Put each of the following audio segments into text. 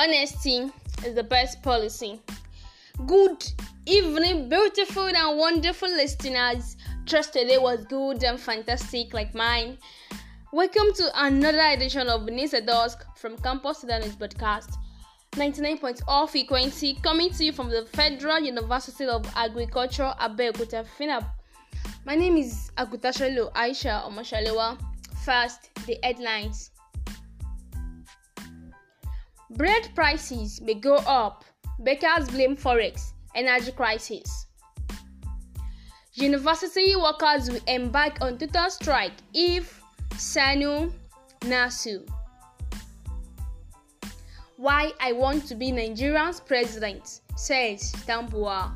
Honesty is the best policy. Good evening, beautiful and wonderful listeners. Trust today was good and fantastic, like mine. Welcome to another edition of Nisa the Dusk from Campus Sudanese Broadcast, 99.0 frequency coming to you from the Federal University of Agriculture, Abeokuta, Finab. My name is Agutashalo Aisha Omashalewa. First, the headlines. Bread prices may go up. Bakers blame forex, energy crisis. University workers will embark on total strike if Sanu Nasu. Why I want to be Nigerian's president, says Tambua.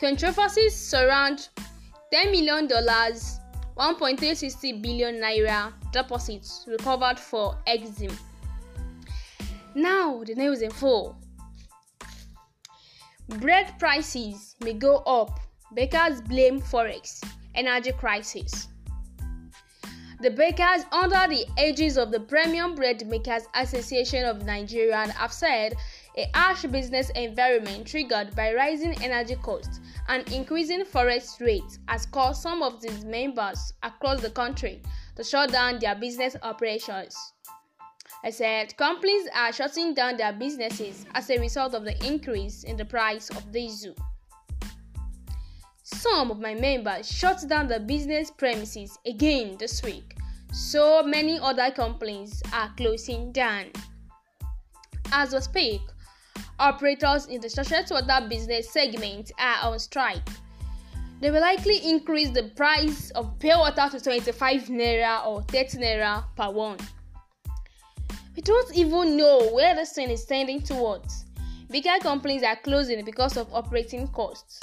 Controversies surround $10 million, 1.360 billion naira deposits recovered for Exim. Now the news in full. Bread prices may go up. Bakers blame forex energy crisis. The bakers under the aegis of the Premium Bread Makers Association of Nigeria have said a harsh business environment triggered by rising energy costs and increasing forest rates has caused some of these members across the country to shut down their business operations. I said companies are shutting down their businesses as a result of the increase in the price of diesel. Some of my members shut down their business premises again this week, so many other companies are closing down. As we speak, operators in the structured water business segment are on strike. They will likely increase the price of pure water to 25 naira or 30 naira per one. We don't even know where the trend is tending towards. Bigger companies are closing because of operating costs.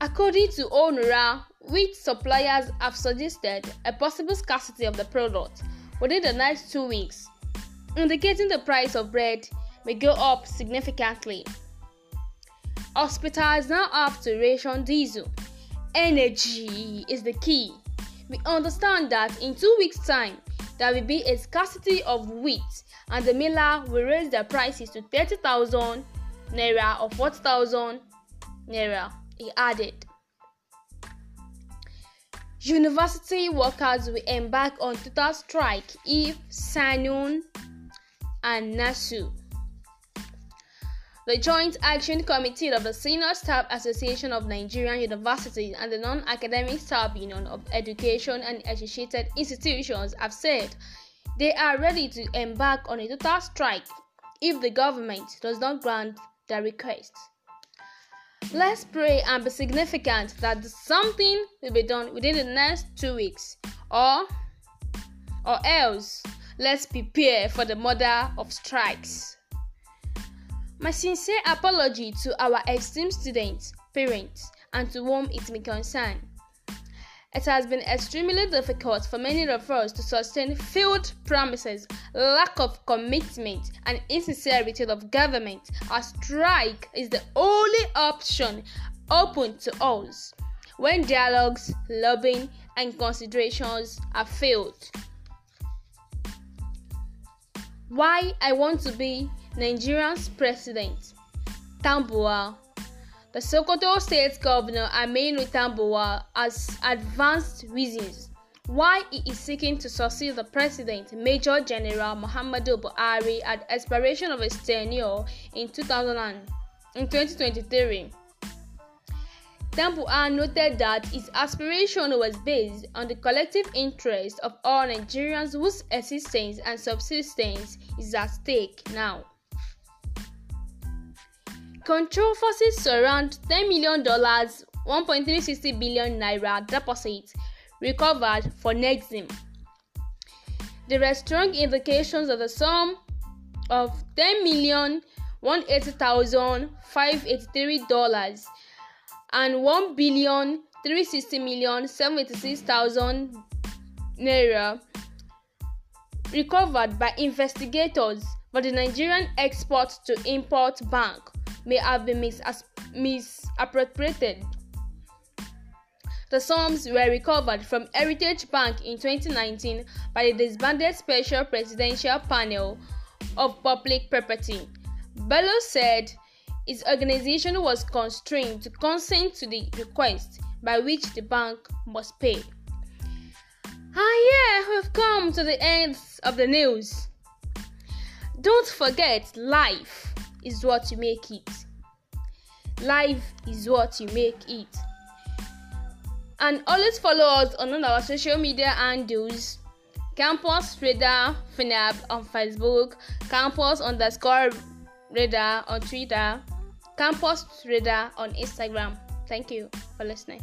According to ONURA, which suppliers have suggested a possible scarcity of the product within the next two weeks, indicating the price of bread may go up significantly. Hospitals now have to ration diesel. Energy is the key. We understand that in two weeks' time, there will be a scarcity of wheat, and the miller will raise the prices to 30,000 naira or 40,000 naira, he added. University workers will embark on total strike if Sanun and Nasu the Joint Action Committee of the Senior Staff Association of Nigerian Universities and the Non Academic Staff Union of Education and Associated Institutions have said they are ready to embark on a total strike if the government does not grant their request. Let's pray and be significant that something will be done within the next two weeks, or, or else let's prepare for the mother of strikes. My sincere apology to our esteemed students, parents, and to whom it may concern. It has been extremely difficult for many of us to sustain failed promises, lack of commitment, and insincerity of government. A strike is the only option open to us when dialogues, lobbying, and considerations are failed. Why I want to be Nigerian's president, Tambuwal. The Sokoto State Governor Aminu Tambuwal has advanced reasons why he is seeking to succeed the president, Major General Muhammadu Buhari, at expiration of his tenure in, 2000 in 2023. Tambuwal noted that his aspiration was based on the collective interest of all Nigerians whose existence and subsistence is at stake now. Controversies surround $10 million, 1.360 billion naira deposit recovered for Nexim. There are strong indications of the sum of $10 million, and 1.36 million dollars 76,000 naira recovered by investigators for the Nigerian Export to Import Bank may have been misappropriated. The sums were recovered from Heritage Bank in 2019 by the disbanded Special Presidential Panel of Public Property. Bello said his organization was constrained to consent to the request by which the bank must pay. Ah, yeah, we've come to the end of the news. Don't forget life is what you make it. Life is what you make it. And always follow us on all our social media handles Campus Radar, FNAB on Facebook, Campus underscore Radar on Twitter, Campus Radar on Instagram. Thank you for listening.